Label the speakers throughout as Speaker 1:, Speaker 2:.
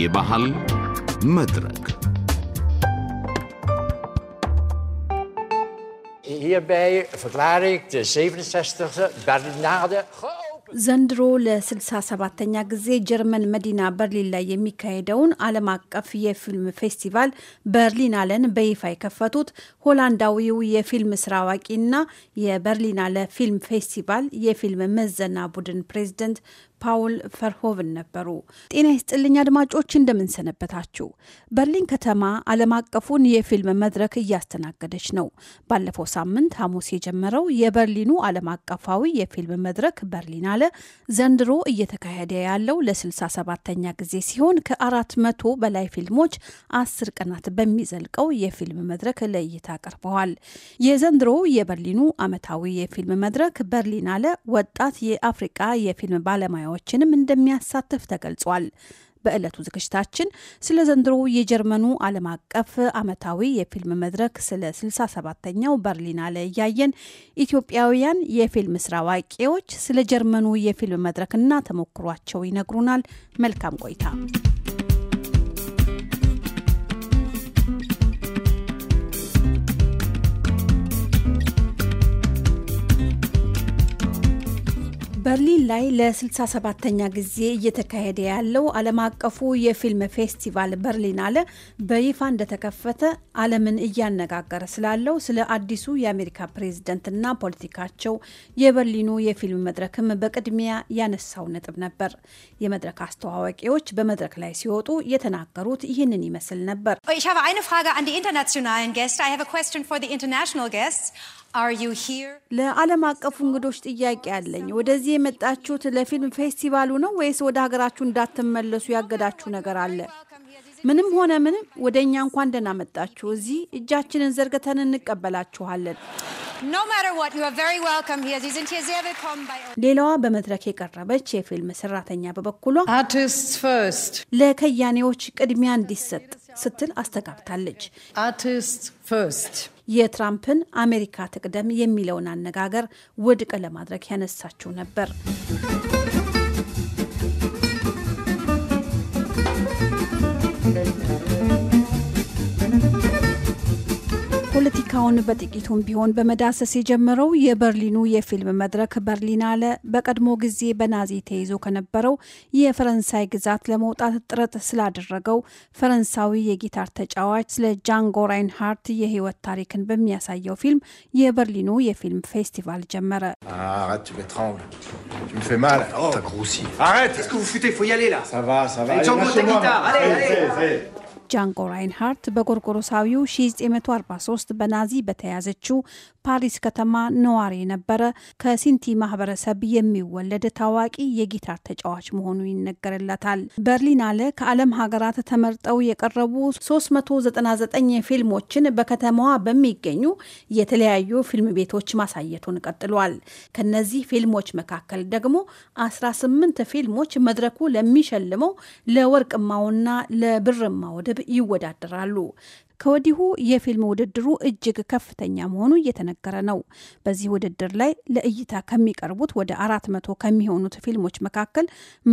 Speaker 1: የባህል
Speaker 2: መድረክ ዘንድሮ ለ67ኛ ጊዜ ጀርመን መዲና በርሊን ላይ የሚካሄደውን ዓለም አቀፍ የፊልም ፌስቲቫል በርሊን አለን በይፋ የከፈቱት ሆላንዳዊው የፊልም ስራ አዋቂና አለ ፊልም ፌስቲቫል የፊልም መዘና ቡድን ፕሬዝደንት ፓውል ፈርሆቭን ነበሩ። ጤና ይስጥልኝ አድማጮች፣ እንደምንሰነበታችሁ። በርሊን ከተማ ዓለም አቀፉን የፊልም መድረክ እያስተናገደች ነው። ባለፈው ሳምንት ሐሙስ የጀመረው የበርሊኑ ዓለም አቀፋዊ የፊልም መድረክ በርሊን አለ ዘንድሮ እየተካሄደ ያለው ለ67ኛ ጊዜ ሲሆን ከአራት መቶ በላይ ፊልሞች አስር ቀናት በሚዘልቀው የፊልም መድረክ ለእይታ ቀርበዋል። የዘንድሮ የበርሊኑ ዓመታዊ የፊልም መድረክ በርሊን አለ ወጣት የአፍሪቃ የፊልም ባለሙያ ባለሙያዎችንም እንደሚያሳትፍ ተገልጿል። በዕለቱ ዝግጅታችን ስለ ዘንድሮ የጀርመኑ ዓለም አቀፍ ዓመታዊ የፊልም መድረክ ስለ 67ኛው በርሊናለ እያየን ኢትዮጵያውያን የፊልም ስራ አዋቂዎች ስለ ጀርመኑ የፊልም መድረክና ተሞክሯቸው ይነግሩናል። መልካም ቆይታ። በርሊን ላይ ለ67ተኛ ጊዜ እየተካሄደ ያለው ዓለም አቀፉ የፊልም ፌስቲቫል በርሊን አለ በይፋ እንደተከፈተ ዓለምን እያነጋገረ ስላለው ስለ አዲሱ የአሜሪካ ፕሬዝደንትና ፖለቲካቸው የበርሊኑ የፊልም መድረክም በቅድሚያ ያነሳው ነጥብ ነበር። የመድረክ አስተዋዋቂዎች በመድረክ ላይ ሲወጡ የተናገሩት ይህንን ይመስል ነበር። ለዓለም አቀፉ እንግዶች ጥያቄ አለኝ። ወደዚህ የመጣችሁት ለፊልም ፌስቲቫሉ ነው ወይስ ወደ ሀገራችሁ እንዳትመለሱ ያገዳችሁ ነገር አለ? ምንም ሆነ ምንም ወደ እኛ እንኳን ደህና መጣችሁ። እዚህ እጃችንን ዘርግተን እንቀበላችኋለን። ሌላዋ በመድረክ የቀረበች የፊልም ሰራተኛ በበኩሏ ለከያኔዎች ቅድሚያ እንዲሰጥ ስትል አስተጋብታለች። የትራምፕን አሜሪካ ትቅደም የሚለውን አነጋገር ውድቅ ለማድረግ ያነሳችው ነበር። ፖለቲካውን በጥቂቱም ቢሆን በመዳሰስ የጀመረው የበርሊኑ የፊልም መድረክ አለ በቀድሞ ጊዜ በናዚ ተይዞ ከነበረው የፈረንሳይ ግዛት ለመውጣት ጥረት ስላደረገው ፈረንሳዊ የጊታር ተጫዋች ስለ ጃንጎ ራይንሃርት የህይወት ታሪክን በሚያሳየው ፊልም የበርሊኑ የፊልም ፌስቲቫል ጀመረ። ጃንጎ ራይንሃርት በጎርጎሮሳዊው 1943 በናዚ በተያዘችው ፓሪስ ከተማ ነዋሪ የነበረ ከሲንቲ ማህበረሰብ የሚወለድ ታዋቂ የጊታር ተጫዋች መሆኑ ይነገርለታል። በርሊን አለ ከዓለም ሀገራት ተመርጠው የቀረቡ 399 ፊልሞችን በከተማዋ በሚገኙ የተለያዩ ፊልም ቤቶች ማሳየቱን ቀጥሏል። ከነዚህ ፊልሞች መካከል ደግሞ 18 ፊልሞች መድረኩ ለሚሸልመው ለወርቅማውና ለብርማ ወድብ ይወዳደራሉ። ከወዲሁ የፊልም ውድድሩ እጅግ ከፍተኛ መሆኑ እየተነገረ ነው። በዚህ ውድድር ላይ ለእይታ ከሚቀርቡት ወደ 400 መቶ ከሚሆኑት ፊልሞች መካከል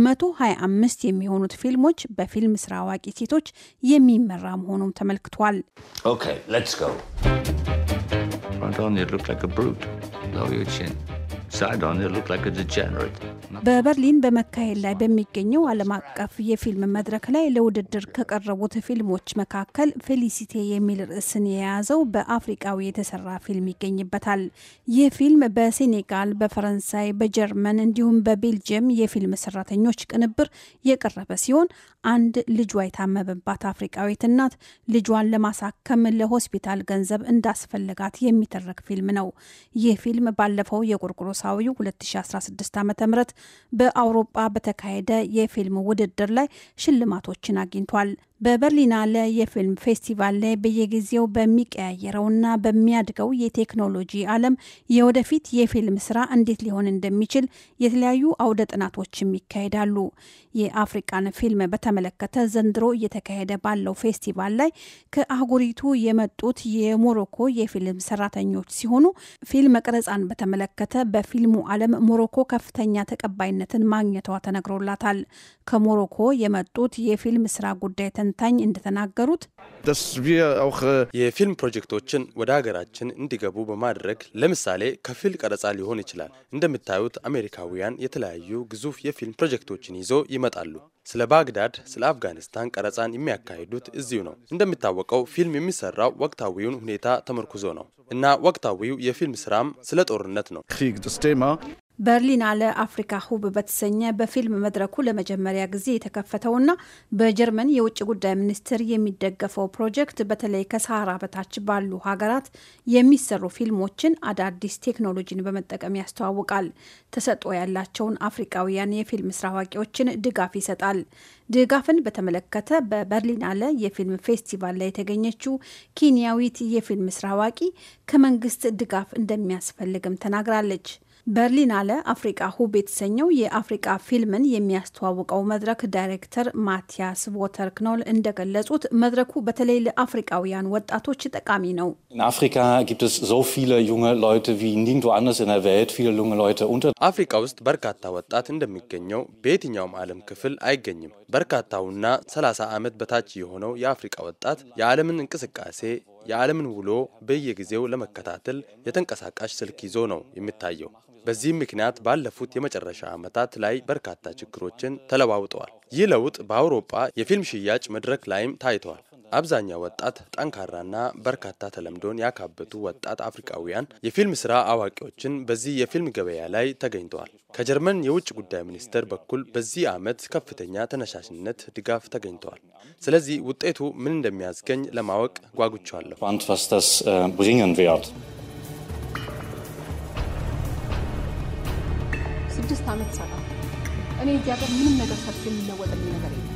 Speaker 2: 125 የሚሆኑት ፊልሞች በፊልም ስራ አዋቂ ሴቶች የሚመራ መሆኑም ተመልክቷል።
Speaker 3: ኦኬ ሌትስ ጎ
Speaker 2: በበርሊን በመካሄድ ላይ በሚገኘው ዓለም አቀፍ የፊልም መድረክ ላይ ለውድድር ከቀረቡት ፊልሞች መካከል ፌሊሲቴ የሚል ርዕስን የያዘው በአፍሪቃዊ የተሰራ ፊልም ይገኝበታል። ይህ ፊልም በሴኔጋል፣ በፈረንሳይ፣ በጀርመን እንዲሁም በቤልጅየም የፊልም ሰራተኞች ቅንብር የቀረበ ሲሆን አንድ ልጇ የታመመባት አፍሪቃዊት እናት ልጇን ለማሳከም ለሆስፒታል ገንዘብ እንዳስፈለጋት የሚተረክ ፊልም ነው። ይህ ፊልም ባለፈው የቁርቁሮ የጎርጎሮሳዊው 2016 ዓ ም በአውሮጳ በተካሄደ የፊልም ውድድር ላይ ሽልማቶችን አግኝቷል። በበርሊናለ የፊልም ፌስቲቫል ላይ በየጊዜው በሚቀያየረውና በሚያድገው የቴክኖሎጂ ዓለም የወደፊት የፊልም ስራ እንዴት ሊሆን እንደሚችል የተለያዩ አውደ ጥናቶችም ይካሄዳሉ። የአፍሪቃን ፊልም በተመለከተ ዘንድሮ እየተካሄደ ባለው ፌስቲቫል ላይ ከአህጉሪቱ የመጡት የሞሮኮ የፊልም ሰራተኞች ሲሆኑ ፊልም ቀረጻን በተመለከተ በፊልሙ ዓለም ሞሮኮ ከፍተኛ ተቀባይነትን ማግኘቷ ተነግሮላታል። ከሞሮኮ የመጡት የፊልም ስራ ጉዳይ ተንታኝ እንደተናገሩት
Speaker 4: äh, የፊልም ፕሮጀክቶችን ወደ ሀገራችን እንዲገቡ በማድረግ ለምሳሌ ከፊል ቀረጻ ሊሆን ይችላል። እንደምታዩት አሜሪካውያን የተለያዩ ግዙፍ የፊልም ፕሮጀክቶችን ይዞ ይመጣሉ። ስለ ባግዳድ፣ ስለ አፍጋኒስታን ቀረጻን የሚያካሂዱት እዚሁ ነው። እንደሚታወቀው ፊልም የሚሰራው ወቅታዊውን ሁኔታ ተመርኩዞ ነው እና ወቅታዊው የፊልም ስራም ስለ ጦርነት ነው።
Speaker 2: በርሊን አለ አፍሪካ ሁብ በተሰኘ በፊልም መድረኩ ለመጀመሪያ ጊዜ የተከፈተውና በጀርመን የውጭ ጉዳይ ሚኒስቴር የሚደገፈው ፕሮጀክት በተለይ ከሳራ በታች ባሉ ሀገራት የሚሰሩ ፊልሞችን አዳዲስ ቴክኖሎጂን በመጠቀም ያስተዋውቃል። ተሰጥኦ ያላቸውን አፍሪካውያን የፊልም ስራ አዋቂዎችን ድጋፍ ይሰጣል። ድጋፍን በተመለከተ በበርሊን አለ የፊልም ፌስቲቫል ላይ የተገኘችው ኬንያዊት የፊልም ስራ አዋቂ ከመንግስት ድጋፍ እንደሚያስፈልግም ተናግራለች። በርሊን አለ አፍሪቃ ሁብ የተሰኘው የአፍሪቃ ፊልምን የሚያስተዋውቀው መድረክ ዳይሬክተር ማቲያስ ቮተርክኖል እንደገለጹት መድረኩ በተለይ ለአፍሪቃውያን ወጣቶች ጠቃሚ ነው።
Speaker 4: አፍሪካ ውስጥ በርካታ ወጣት እንደሚገኘው በየትኛውም ዓለም ክፍል አይገኝም። በርካታውና 30 ዓመት በታች የሆነው የአፍሪቃ ወጣት የዓለምን እንቅስቃሴ የዓለምን ውሎ በየጊዜው ለመከታተል የተንቀሳቃሽ ስልክ ይዞ ነው የሚታየው። በዚህም ምክንያት ባለፉት የመጨረሻ ዓመታት ላይ በርካታ ችግሮችን ተለዋውጠዋል። ይህ ለውጥ በአውሮጳ የፊልም ሽያጭ መድረክ ላይም ታይተዋል። አብዛኛው ወጣት ጠንካራና በርካታ ተለምዶን ያካበቱ ወጣት አፍሪካውያን የፊልም ስራ አዋቂዎችን በዚህ የፊልም ገበያ ላይ ተገኝተዋል። ከጀርመን የውጭ ጉዳይ ሚኒስቴር በኩል በዚህ ዓመት ከፍተኛ ተነሳሽነት ድጋፍ ተገኝተዋል። ስለዚህ ውጤቱ ምን እንደሚያስገኝ ለማወቅ ጓጉቻለሁ።
Speaker 1: äh,
Speaker 2: ስድስት ዓመት ሰራ እኔ እዚህ ሀገር ምንም ነገር ሰርቼ የሚለወጥልኝ ነገር የለም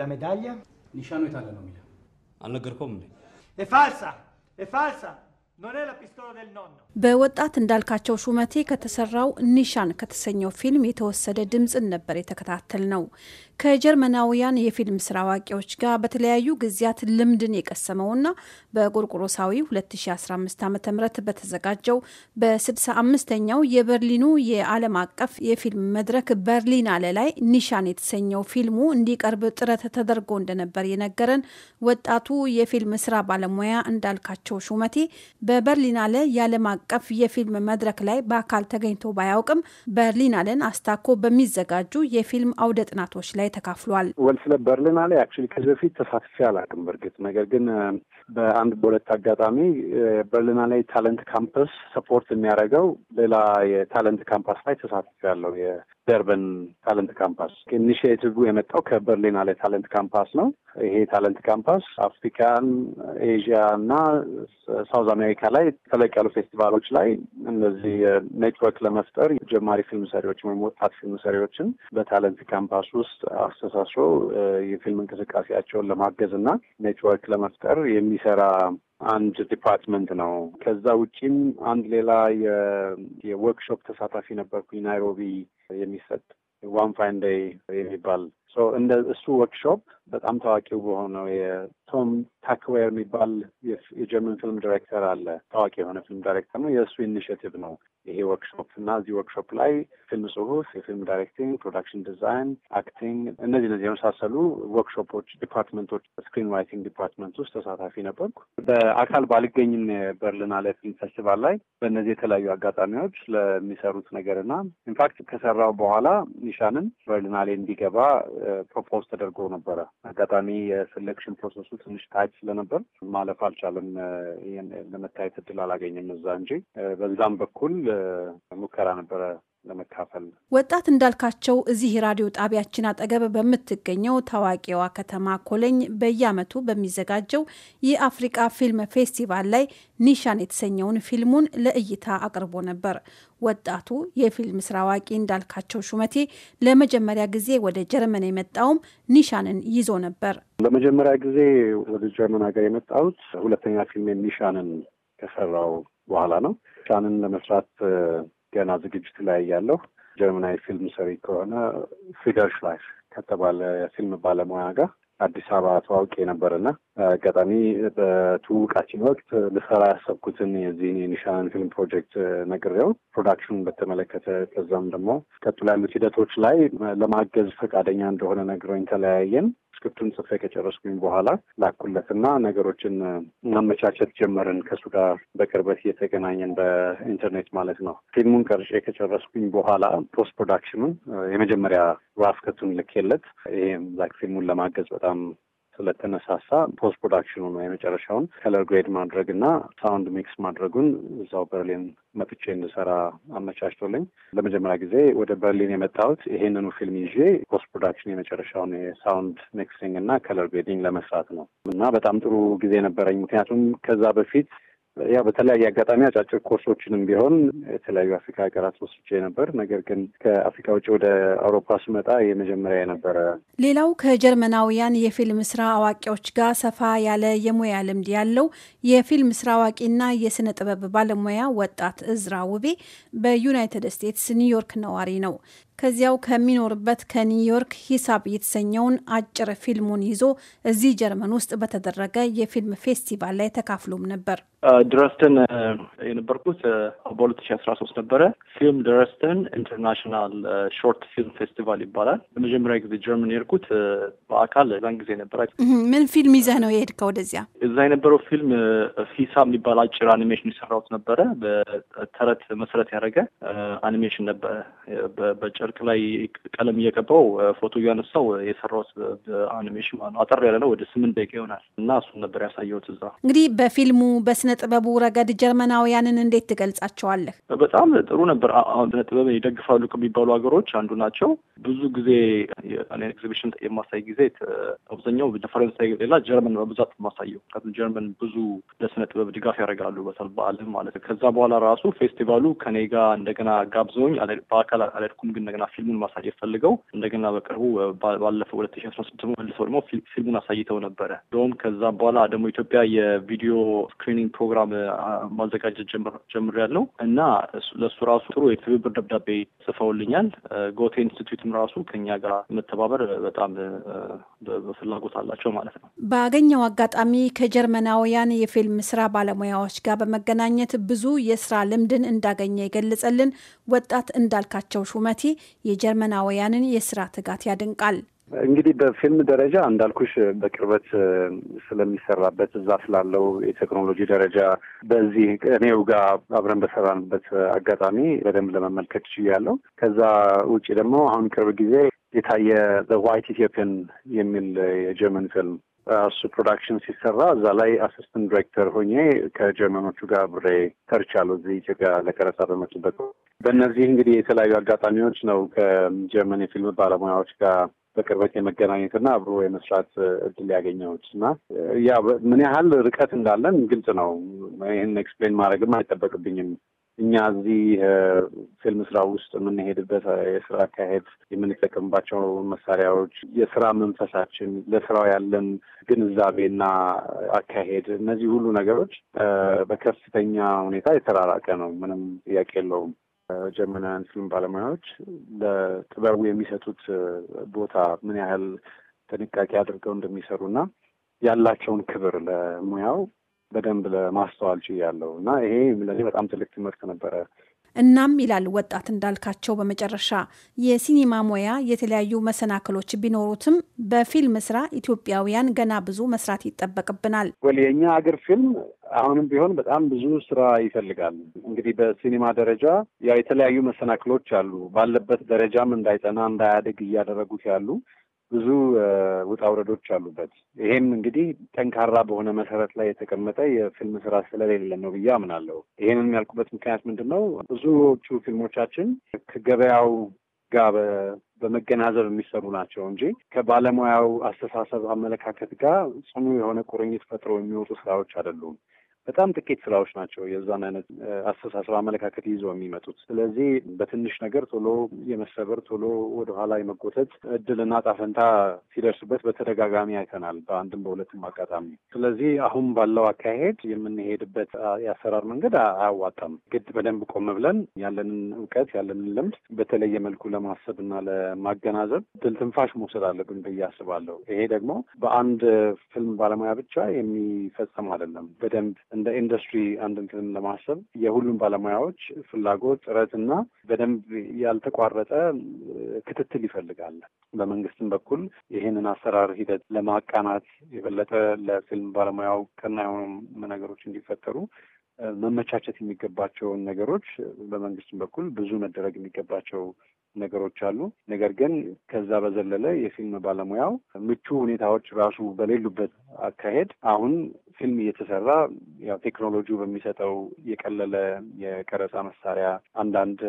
Speaker 4: ለሜዳያ ኒሻኑ የታለ ነው የሚለው አልነገርኩም እንዴ?
Speaker 3: ፋልሳ ፋልሳ
Speaker 2: በወጣት እንዳልካቸው ሹመቴ ከተሰራው ኒሻን ከተሰኘው ፊልም የተወሰደ ድምፅን ነበር የተከታተል ነው። ከጀርመናውያን የፊልም ስራ አዋቂዎች ጋር በተለያዩ ጊዜያት ልምድን የቀሰመውና በጎርጎሮሳዊ 2015 ዓ ም በተዘጋጀው በ65ኛው የበርሊኑ የዓለም አቀፍ የፊልም መድረክ በርሊን አለ ላይ ኒሻን የተሰኘው ፊልሙ እንዲቀርብ ጥረት ተደርጎ እንደነበር የነገረን ወጣቱ የፊልም ስራ ባለሙያ እንዳልካቸው ሹመቴ አለ የዓለም አቀፍ የፊልም መድረክ ላይ በአካል ተገኝቶ ባያውቅም በርሊን አለን አስታኮ በሚዘጋጁ የፊልም አውደ ጥናቶች ላይ ላይ ተካፍሏል።
Speaker 1: ወልስ በርሊን አለ አክቹዋሊ ከዚህ በፊት ተሳትፌ አላውቅም በእርግጥ ነገር ግን በአንድ በሁለት አጋጣሚ በርሊና ላይ ታለንት ካምፐስ ሰፖርት የሚያደርገው ሌላ የታለንት ካምፓስ ላይ ተሳትፎ ያለው የደርበን ታለንት ካምፓስ ኢኒሽቲቭ የመጣው ከበርሊና ላይ ታለንት ካምፓስ ነው። ይሄ ታለንት ካምፓስ አፍሪካን፣ ኤዥያ እና ሳውዝ አሜሪካ ላይ ተለቅ ያሉ ፌስቲቫሎች ላይ እነዚህ ኔትወርክ ለመፍጠር ጀማሪ ፊልም ሰሪዎችን ወይም ወጣት ፊልም ሰሪዎችን በታለንት ካምፓስ ውስጥ አስተሳስሮ የፊልም እንቅስቃሴያቸውን ለማገዝ እና ኔትወርክ ለመፍጠር የሚሰራ አንድ ዲፓርትመንት ነው። ከዛ ውጪም አንድ ሌላ የወርክሾፕ ተሳታፊ ነበርኩኝ ናይሮቢ የሚሰጥ ዋን ፋይን ዴይ የሚባል እንደ እሱ ወርክሾፕ በጣም ታዋቂው በሆነው የቶም ታክዌር የሚባል የጀርመን ፊልም ዳይሬክተር አለ። ታዋቂ የሆነ ፊልም ዳይሬክተር ነው። የእሱ ኢኒሽቲቭ ነው ይሄ ወርክሾፕ እና እዚህ ወርክሾፕ ላይ ፊልም ጽሁፍ፣ የፊልም ዳይሬክቲንግ፣ ፕሮዳክሽን ዲዛይን፣ አክቲንግ፣ እነዚህ እነዚህ የመሳሰሉ ወርክሾፖች ዲፓርትመንቶች፣ ስክሪን ራይቲንግ ዲፓርትመንት ውስጥ ተሳታፊ ነበርኩ። በአካል ባልገኝም በርሊናለ ፊልም ፌስቲቫል ላይ በእነዚህ የተለያዩ አጋጣሚዎች ለሚሰሩት ነገር እና ኢንፋክት ከሰራው በኋላ ኒሻንን በርሊናሌ እንዲገባ ፕሮፖዝ ተደርጎ ነበረ። አጋጣሚ የሴሌክሽን ፕሮሰሱ ትንሽ ታይት ስለነበር ማለፍ አልቻለም። ለመታየት እድል አላገኘም እዛ እንጂ በዛም በኩል ሙከራ ነበረ ለመካፈል
Speaker 2: ወጣት እንዳልካቸው እዚህ የራዲዮ ጣቢያችን አጠገብ በምትገኘው ታዋቂዋ ከተማ ኮለኝ በየዓመቱ በሚዘጋጀው የአፍሪቃ ፊልም ፌስቲቫል ላይ ኒሻን የተሰኘውን ፊልሙን ለእይታ አቅርቦ ነበር። ወጣቱ የፊልም ስራ አዋቂ እንዳልካቸው ሹመቴ ለመጀመሪያ ጊዜ ወደ ጀርመን የመጣውም ኒሻንን ይዞ ነበር።
Speaker 1: ለመጀመሪያ ጊዜ ወደ ጀርመን ሀገር የመጣሁት ሁለተኛ ፊልም ኒሻንን ከሰራው በኋላ ነው። ኒሻንን ለመስራት ገና ዝግጅት ላይ ያለው ጀርመናዊ ፊልም ሰሪ ከሆነ ፊደርሽ ላይፍ ከተባለ የፊልም ባለሙያ ጋር አዲስ አበባ ተዋውቅ ነበርና አጋጣሚ በትውውቃችን ወቅት ልሰራ ያሰብኩትን የዚህን የኒሻን ፊልም ፕሮጀክት ነግሬው ፕሮዳክሽኑን በተመለከተ ከዛም ደግሞ ቀጥሎ ያሉት ሂደቶች ላይ ለማገዝ ፈቃደኛ እንደሆነ ነግሮኝ ተለያየን። ስክሪፕቱን ጽፌ ከጨረስኩኝ በኋላ ላኩለት ነገሮችን ማመቻቸት ጀመርን። ከሱ ጋር በቅርበት እየተገናኘን በኢንተርኔት ማለት ነው። ፊልሙን ቀርጬ ከጨረስኩኝ በኋላ ፖስት ፕሮዳክሽኑን የመጀመሪያ ራፍ ከቱን ልኬለት ይሄም ላይክ ፊልሙን ለማገዝ በጣም ስለተነሳሳ ፖስት ፕሮዳክሽኑን ወይ የመጨረሻውን ከለር ግሬድ ማድረግ እና ሳውንድ ሚክስ ማድረጉን እዛው በርሊን መጥቼ እንድሰራ አመቻችቶልኝ ለመጀመሪያ ጊዜ ወደ በርሊን የመጣሁት ይሄንኑ ፊልም ይዤ ፖስት ፕሮዳክሽን የመጨረሻውን የሳውንድ ሚክሲንግ እና ከለር ግሬዲንግ ለመስራት ነው እና በጣም ጥሩ ጊዜ ነበረኝ። ምክንያቱም ከዛ በፊት ያው በተለያየ አጋጣሚ አጫጭር ኮርሶችንም ቢሆን የተለያዩ አፍሪካ ሀገራት ወስጄ ነበር። ነገር ግን ከአፍሪካ ውጭ ወደ አውሮፓ ስመጣ የመጀመሪያ ነበረ።
Speaker 2: ሌላው ከጀርመናውያን የፊልም ስራ አዋቂዎች ጋር ሰፋ ያለ የሙያ ልምድ ያለው የፊልም ስራ አዋቂና የስነ ጥበብ ባለሙያ ወጣት እዝራ ውቤ በዩናይትድ ስቴትስ ኒውዮርክ ነዋሪ ነው። ከዚያው ከሚኖርበት ከኒውዮርክ ሂሳብ የተሰኘውን አጭር ፊልሙን ይዞ እዚህ ጀርመን ውስጥ በተደረገ የፊልም ፌስቲቫል ላይ ተካፍሎም ነበር።
Speaker 3: ድረስተን የነበርኩት በሁለት ሺ አስራ ሶስት ነበረ። ፊልም ድረስተን ኢንተርናሽናል ሾርት ፊልም ፌስቲቫል ይባላል። ለመጀመሪያ ጊዜ ጀርመን የሄድኩት በአካል እዛን ጊዜ ነበረ።
Speaker 2: ምን ፊልም ይዘህ ነው የሄድከው ወደዚያ?
Speaker 3: እዛ የነበረው ፊልም ሂሳብ የሚባል አጭር አኒሜሽን የሰራሁት ነበረ። በተረት መሰረት ያደረገ አኒሜሽን ነበረ በጭር ጨርቅ ላይ ቀለም እየቀባው ፎቶ እያነሳው የሰራሁት አኒሜሽን ማለት ነው። አጠር ያለ ነው፣ ወደ ስምንት ደቂቃ ይሆናል እና እሱን ነበር ያሳየሁት እዛ።
Speaker 2: እንግዲህ በፊልሙ በስነ ጥበቡ ረገድ ጀርመናውያንን እንዴት ትገልጻቸዋለህ?
Speaker 3: በጣም ጥሩ ነበር። ስነ ጥበብ ይደግፋሉ ከሚባሉ ሀገሮች አንዱ ናቸው። ብዙ ጊዜ ኤግዚቢሽን የማሳይ ጊዜ አብዛኛው ፈረንሳይ ሌላ ጀርመን በብዛት የማሳየው ጀርመን ብዙ ለስነ ጥበብ ድጋፍ ያደርጋሉ በተል በዓለም ማለት ከዛ በኋላ ራሱ ፌስቲቫሉ ከኔ እንደገና ጋብዘውኝ በአካል አልሄድኩም ግን እንደገና ፊልሙን ማሳየት ፈልገው እንደገና በቅርቡ ባለፈው ሁለት ሺ አስራ ስድስት መልሰው ደግሞ ፊልሙን አሳይተው ነበረ። እንደውም ከዛ በኋላ ደግሞ ኢትዮጵያ የቪዲዮ ስክሪኒንግ ፕሮግራም ማዘጋጀት ጀምር ያለው እና ለእሱ ራሱ ጥሩ የትብብር ደብዳቤ ጽፈውልኛል። ጎቴ ኢንስቲትዩትም ራሱ ከኛ ጋር መተባበር በጣም ፍላጎት አላቸው ማለት ነው።
Speaker 2: ባገኘው አጋጣሚ ከጀርመናውያን የፊልም ስራ ባለሙያዎች ጋር በመገናኘት ብዙ የስራ ልምድን እንዳገኘ የገለጸልን ወጣት እንዳልካቸው ሹመቴ የጀርመናውያንን የስራ ትጋት ያደንቃል።
Speaker 1: እንግዲህ በፊልም ደረጃ እንዳልኩሽ በቅርበት ስለሚሰራበት እዛ ስላለው የቴክኖሎጂ ደረጃ በዚህ እኔው ጋር አብረን በሰራንበት አጋጣሚ በደንብ ለመመልከት ችያለሁ። ከዛ ውጭ ደግሞ አሁን ቅርብ ጊዜ የታየ ዋይት ኢትዮጵያን የሚል የጀርመን ፊልም እሱ ፕሮዳክሽን ሲሰራ እዛ ላይ አሲስታንት ዲሬክተር ሆኜ ከጀርመኖቹ ጋር ብሬ ተርቻለሁ። እዚህ ኢትዮጵያ ለቀረጻ በመጡበት በእነዚህ እንግዲህ የተለያዩ አጋጣሚዎች ነው ከጀርመን የፊልም ባለሙያዎች ጋር በቅርበት የመገናኘትና አብሮ የመስራት እድል ያገኘሁት እና ያ ምን ያህል ርቀት እንዳለን ግልጽ ነው። ይህን ኤክስፕሌን ማድረግም አይጠበቅብኝም። እኛ እዚህ ፊልም ስራ ውስጥ የምንሄድበት የስራ አካሄድ፣ የምንጠቀምባቸው መሳሪያዎች፣ የስራ መንፈሳችን፣ ለስራው ያለን ግንዛቤና አካሄድ፣ እነዚህ ሁሉ ነገሮች በከፍተኛ ሁኔታ የተራራቀ ነው። ምንም ጥያቄ የለውም። ጀርመናውያን ፊልም ባለሙያዎች ለጥበቡ የሚሰጡት ቦታ ምን ያህል ጥንቃቄ አድርገው እንደሚሰሩና ያላቸውን ክብር ለሙያው በደንብ ለማስተዋል ችያለሁ እና ይሄ ለእኔ በጣም ትልቅ ትምህርት ነበረ።
Speaker 2: እናም ይላል ወጣት እንዳልካቸው በመጨረሻ የሲኒማ ሙያ የተለያዩ መሰናክሎች ቢኖሩትም በፊልም ስራ ኢትዮጵያውያን ገና ብዙ መስራት ይጠበቅብናል።
Speaker 1: ወል የእኛ አገር ፊልም አሁንም ቢሆን በጣም ብዙ ስራ ይፈልጋል። እንግዲህ በሲኒማ ደረጃ ያ የተለያዩ መሰናክሎች አሉ። ባለበት ደረጃም እንዳይጠና እንዳያድግ እያደረጉት ያሉ ብዙ ውጣ ውረዶች አሉበት። ይሄም እንግዲህ ጠንካራ በሆነ መሰረት ላይ የተቀመጠ የፊልም ስራ ስለሌለ ነው ብዬ አምናለሁ። ይሄንን ያልኩበት ምክንያት ምንድን ነው? ብዙዎቹ ፊልሞቻችን ከገበያው ጋር በመገናዘብ የሚሰሩ ናቸው እንጂ ከባለሙያው አስተሳሰብ፣ አመለካከት ጋር ጽኑ የሆነ ቁርኝት ፈጥሮ የሚወጡ ስራዎች አይደሉም። በጣም ጥቂት ስራዎች ናቸው የዛን አይነት አስተሳሰብ አመለካከት ይዘው የሚመጡት። ስለዚህ በትንሽ ነገር ቶሎ የመሰበር ቶሎ ወደኋላ የመጎተት እድልና ጣፈንታ ሲደርስበት በተደጋጋሚ አይተናል፣ በአንድም በሁለትም አጋጣሚ። ስለዚህ አሁን ባለው አካሄድ የምንሄድበት የአሰራር መንገድ አያዋጣም። ግድ በደንብ ቆም ብለን ያለንን እውቀት ያለንን ልምድ በተለየ መልኩ ለማሰብ እና ለማገናዘብ ድል ትንፋሽ መውሰድ አለብን ብዬ አስባለሁ። ይሄ ደግሞ በአንድ ፊልም ባለሙያ ብቻ የሚፈጸም አይደለም። በደንብ እንደ ኢንዱስትሪ አንድ እንትን ለማሰብ የሁሉም ባለሙያዎች ፍላጎት ጥረት እና በደንብ ያልተቋረጠ ክትትል ይፈልጋል። በመንግስትም በኩል ይህንን አሰራር ሂደት ለማቃናት የበለጠ ለፊልም ባለሙያው ቀና የሆኑ ነገሮች እንዲፈጠሩ መመቻቸት የሚገባቸውን ነገሮች በመንግስትም በኩል ብዙ መደረግ የሚገባቸው ነገሮች አሉ። ነገር ግን ከዛ በዘለለ የፊልም ባለሙያው ምቹ ሁኔታዎች ራሱ በሌሉበት አካሄድ አሁን ፊልም እየተሰራ ያው ቴክኖሎጂው በሚሰጠው የቀለለ የቀረጻ መሳሪያ አንዳንድ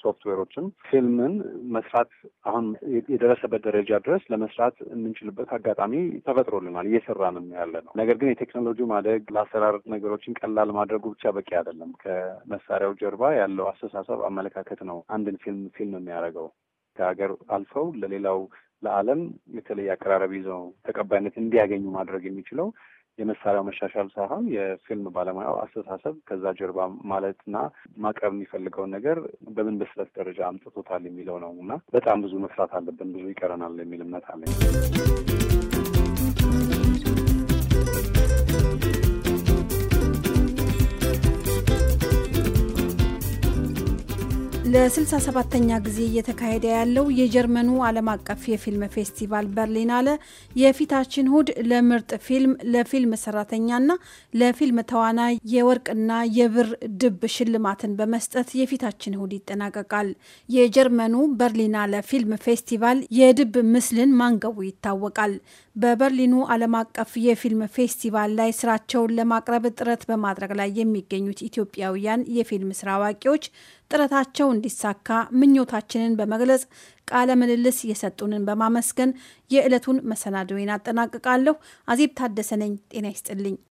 Speaker 1: ሶፍትዌሮችም ፊልምን መስራት አሁን የደረሰበት ደረጃ ድረስ ለመስራት የምንችልበት አጋጣሚ ተፈጥሮልናል። እየሰራንም ያለ ነው። ነገር ግን የቴክኖሎጂው ማደግ ለአሰራር ነገሮችን ቀላል ማድረጉ ብቻ በቂ አይደለም። ከመሳሪያው ጀርባ ያለው አስተሳሰብ፣ አመለካከት ነው አንድን ፊልም ፊልም ነው የሚያደርገው። ከሀገር አልፈው ለሌላው ለዓለም የተለየ አቀራረብ ይዘው ተቀባይነት እንዲያገኙ ማድረግ የሚችለው የመሳሪያው መሻሻል ሳይሆን የፊልም ባለሙያው አስተሳሰብ ከዛ ጀርባ ማለትና ማቅረብ የሚፈልገውን ነገር በምን በስለት ደረጃ አምጥቶታል የሚለው ነው እና በጣም ብዙ መስራት አለብን፣ ብዙ ይቀረናል የሚል እምነት አለኝ።
Speaker 2: ለ 67 ተኛ ጊዜ እየተካሄደ ያለው የጀርመኑ ዓለም አቀፍ የፊልም ፌስቲቫል በርሊን አለ የፊታችን እሁድ ለምርጥ ፊልም፣ ለፊልም ሰራተኛና ለፊልም ተዋናይ የወርቅና የብር ድብ ሽልማትን በመስጠት የፊታችን እሁድ ይጠናቀቃል። የጀርመኑ በርሊን አለ ፊልም ፌስቲቫል የድብ ምስልን ማንገቡ ይታወቃል። በበርሊኑ ዓለም አቀፍ የፊልም ፌስቲቫል ላይ ስራቸውን ለማቅረብ ጥረት በማድረግ ላይ የሚገኙት ኢትዮጵያውያን የፊልም ስራ አዋቂዎች ጥረታቸው እንዲሳካ ምኞታችንን በመግለጽ ቃለ ምልልስ የሰጡንን በማመስገን የዕለቱን መሰናዶዌን አጠናቅቃለሁ። አዜብ ታደሰ ነኝ። ጤና ይስጥልኝ።